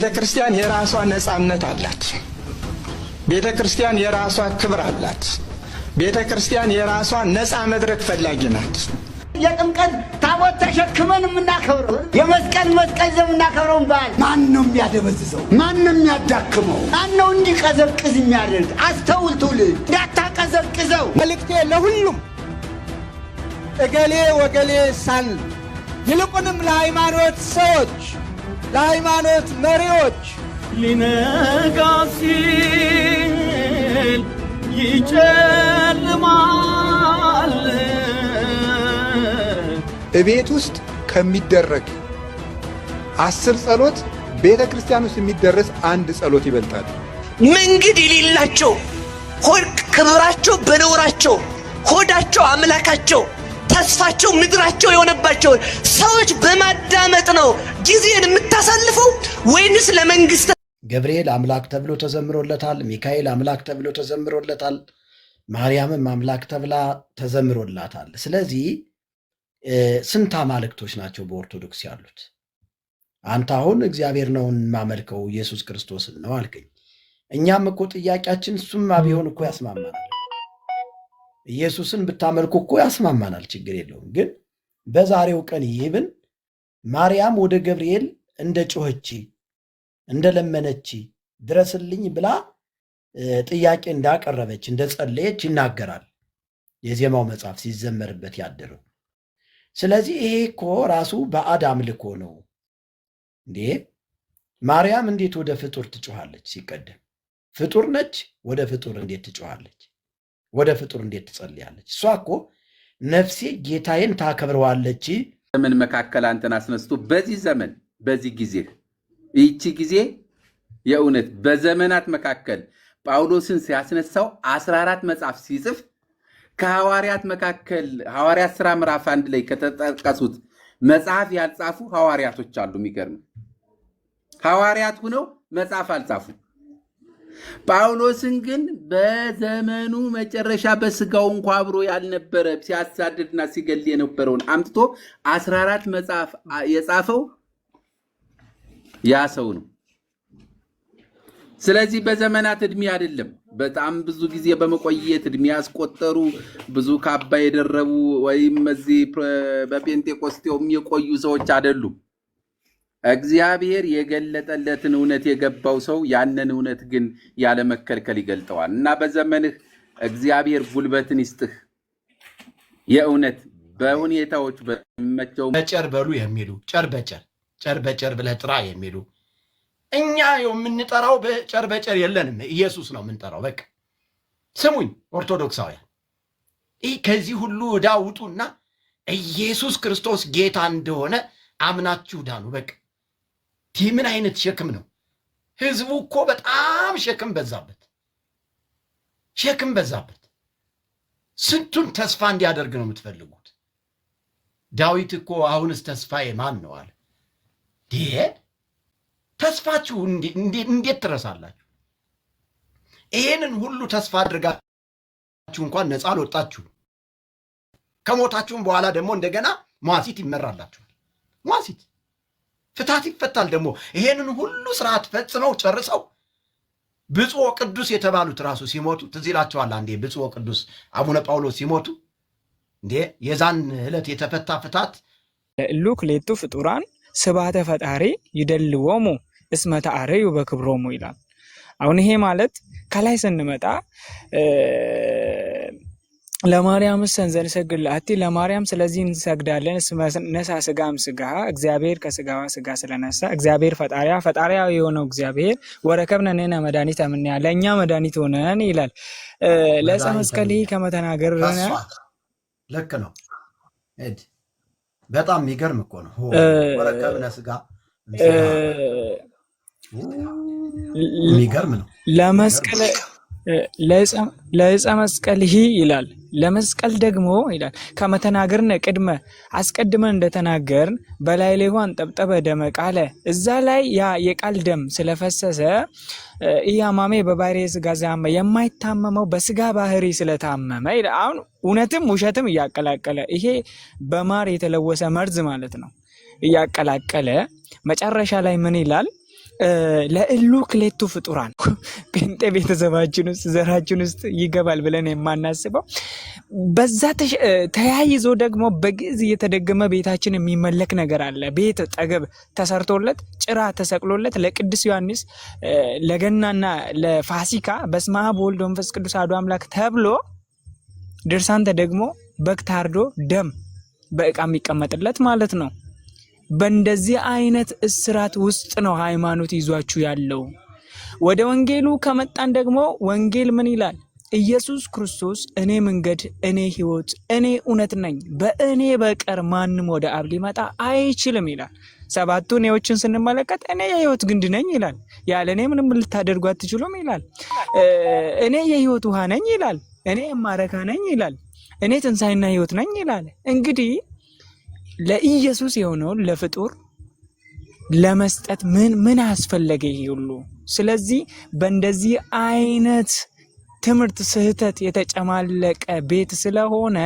ቤተ ክርስቲያን የራሷ ነጻነት አላት። ቤተ ክርስቲያን የራሷ ክብር አላት። ቤተ ክርስቲያን የራሷ ነፃ መድረክ ፈላጊ ናት። የጥምቀት ታቦት ተሸክመን የምናከብረው የመስቀል መስቀል ዘ የምናከብረውን በዓል ማን ነው የሚያደበዝዘው? ማን ነው የሚያዳክመው? ማን ነው እንዲቀዘቅዝ የሚያደርግ? አስተውል ትውልድ፣ እንዳታቀዘቅዘው። መልእክቴ ለሁሉም እገሌ ወገሌ ሳል ይልቁንም ለሃይማኖት ሰዎች ለሃይማኖት መሪዎች ሊነጋ ሲል ይጨልማል። እቤት ውስጥ ከሚደረግ አስር ጸሎት ቤተ ክርስቲያን ውስጥ የሚደረስ አንድ ጸሎት ይበልጣል። መንገድ የሌላቸው ሆድ ክብራቸው በነውራቸው ሆዳቸው አምላካቸው ተስፋቸው ምድራቸው የሆነባቸውን ሰዎች በማዳመጥ ነው ጊዜን የምታሳልፈው ወይንስ ለመንግስት? ገብርኤል አምላክ ተብሎ ተዘምሮለታል። ሚካኤል አምላክ ተብሎ ተዘምሮለታል። ማርያምም አምላክ ተብላ ተዘምሮላታል። ስለዚህ ስንት አማልክቶች ናቸው በኦርቶዶክስ ያሉት? አንተ አሁን እግዚአብሔር ነው የማመልከው ኢየሱስ ክርስቶስን ነው አልከኝ። እኛም እኮ ጥያቄያችን እሱማ ቢሆን እኮ ያስማማናል። ኢየሱስን ብታመልኩ እኮ ያስማማናል፣ ችግር የለውም። ግን በዛሬው ቀን ይህብን ማርያም ወደ ገብርኤል እንደ ጮኸች እንደ ለመነች ድረስልኝ ብላ ጥያቄ እንዳቀረበች እንደ ጸለየች ይናገራል የዜማው መጽሐፍ ሲዘመርበት ያደረው። ስለዚህ ይሄ እኮ ራሱ ባዕድ አምልኮ ነው እንዴ! ማርያም እንዴት ወደ ፍጡር ትጮሃለች ሲቀደም ፍጡር ነች። ወደ ፍጡር እንዴት ትጮሃለች ወደ ፍጡር እንዴት ትጸልያለች? እሷ እኮ ነፍሴ ጌታዬን ታከብረዋለች ዘመን መካከል አንተን አስነስቶ በዚህ ዘመን በዚህ ጊዜ ይቺ ጊዜ የእውነት በዘመናት መካከል ጳውሎስን ሲያስነሳው 14 መጽሐፍ ሲጽፍ ከሐዋርያት መካከል ሐዋርያት ስራ ምዕራፍ አንድ ላይ ከተጠቀሱት መጽሐፍ ያልጻፉ ሐዋርያቶች አሉ። የሚገርም ሐዋርያት ሁነው መጽሐፍ አልጻፉም። ጳውሎስን ግን በዘመኑ መጨረሻ በስጋው እንኳ አብሮ ያልነበረ ሲያሳድድና ሲገል የነበረውን አምጥቶ 14 መጽሐፍ የጻፈው ያ ሰው ነው። ስለዚህ በዘመናት እድሜ አይደለም። በጣም ብዙ ጊዜ በመቆየት እድሜ ያስቆጠሩ ብዙ ካባ የደረቡ ወይም እዚህ በጴንጤቆስጤውም የቆዩ ሰዎች አይደሉም። እግዚአብሔር የገለጠለትን እውነት የገባው ሰው ያንን እውነት ግን ያለመከልከል ይገልጠዋል እና በዘመንህ እግዚአብሔር ጉልበትን ይስጥህ። የእውነት በሁኔታዎች በሚመቸው በጨር በሉ የሚሉ ጨር በጨር ጨር በጨር ብለህ ጥራ የሚሉ እኛ የምንጠራው በጨር በጨር የለንም፣ ኢየሱስ ነው የምንጠራው። በቃ ስሙኝ ኦርቶዶክሳውያን፣ ይህ ከዚህ ሁሉ ዕዳ ውጡና ኢየሱስ ክርስቶስ ጌታ እንደሆነ አምናችሁ ዳኑ። በቃ ይህ ምን አይነት ሸክም ነው? ህዝቡ እኮ በጣም ሸክም በዛበት፣ ሸክም በዛበት። ስንቱን ተስፋ እንዲያደርግ ነው የምትፈልጉት? ዳዊት እኮ አሁንስ ተስፋዬ ማን ነው አለ። ይሄ ተስፋችሁ እንዴት ትረሳላችሁ? ይሄንን ሁሉ ተስፋ አድርጋችሁ እንኳን ነፃ አልወጣችሁ። ከሞታችሁም በኋላ ደግሞ እንደገና ሟሲት ይመራላችኋል። ሟሲት ፍታት ይፈታል። ደግሞ ይሄንን ሁሉ ስርዓት ፈጽመው ጨርሰው ብፁዕ ቅዱስ የተባሉት ራሱ ሲሞቱ ትዝ ይላቸዋል። አንዴ ብፁዕ ቅዱስ አቡነ ጳውሎስ ሲሞቱ እንዴ የዛን ዕለት የተፈታ ፍታት ለእሉክ ሌቱ ፍጡራን ስባተ ፈጣሪ ይደልዎሙ እስመ ተአርዩ በክብሮሙ ይላል። አሁን ይሄ ማለት ከላይ ስንመጣ ለማርያም ሰንዘን ሰግድ ለአቲ ለማርያም ስለዚህ እንሰግዳለን። ነሳ ስጋም ስጋ እግዚአብሔር ከስጋዋ ስጋ ስለነሳ እግዚአብሔር ፈጣሪያ ፈጣሪያ የሆነው እግዚአብሔር ወረከብነ ንሕነ መድኃኒተ እምኔሃ ለእኛ መድኃኒት ሆነን ይላል። ለእፀ መስቀል ከመተናገር ልክ ነው። በጣም የሚገርም እኮ ነው። ወረከብነ ስጋ የሚገርም ነው። ለመስቀል መስቀል መስቀልህ ይላል። ለመስቀል ደግሞ ይላል ከመተናገርነ ቅድመ አስቀድመን እንደተናገርን በላይ ላይ ሆን ጠብጠበ ደመ ቃለ እዛ ላይ ያ የቃል ደም ስለፈሰሰ እያማሜ በባህሪ ስጋ ዘያመ የማይታመመው በስጋ ባህሪ ስለታመመ አሁን እውነትም ውሸትም እያቀላቀለ ይሄ በማር የተለወሰ መርዝ ማለት ነው። እያቀላቀለ መጨረሻ ላይ ምን ይላል? ለእሉ ክሌቱ ፍጡራን ጴንጤ ቤተሰባችን ውስጥ ዘራችን ውስጥ ይገባል ብለን የማናስበው በዛ ተያይዞ ደግሞ በግዕዝ እየተደገመ ቤታችን የሚመለክ ነገር አለ። ቤት ጠገብ ተሰርቶለት ጭራ ተሰቅሎለት ለቅዱስ ዮሐንስ ለገናና ለፋሲካ በስመ አብ ወልድ ወመንፈስ ቅዱስ አሐዱ አምላክ ተብሎ ድርሳን ተደግሞ በግ ታርዶ ደም በእቃ የሚቀመጥለት ማለት ነው። በእንደዚህ አይነት እስራት ውስጥ ነው ሃይማኖት ይዟችሁ ያለው። ወደ ወንጌሉ ከመጣን ደግሞ ወንጌል ምን ይላል? ኢየሱስ ክርስቶስ እኔ መንገድ፣ እኔ ህይወት እኔ እውነት ነኝ፣ በእኔ በቀር ማንም ወደ አብ ሊመጣ አይችልም ይላል። ሰባቱ እኔዎችን ስንመለከት እኔ የህይወት ግንድ ነኝ ይላል። ያለ እኔ ምንም ልታደርጉ አትችሉም ይላል። እኔ የህይወት ውሃ ነኝ ይላል። እኔ የማረካ ነኝ ይላል። እኔ ትንሣኤና ህይወት ነኝ ይላል። እንግዲህ ለኢየሱስ የሆነውን ለፍጡር ለመስጠት ምን ምን አስፈለገ ይሄ ሁሉ? ስለዚህ በእንደዚህ አይነት ትምህርት ስህተት የተጨማለቀ ቤት ስለሆነ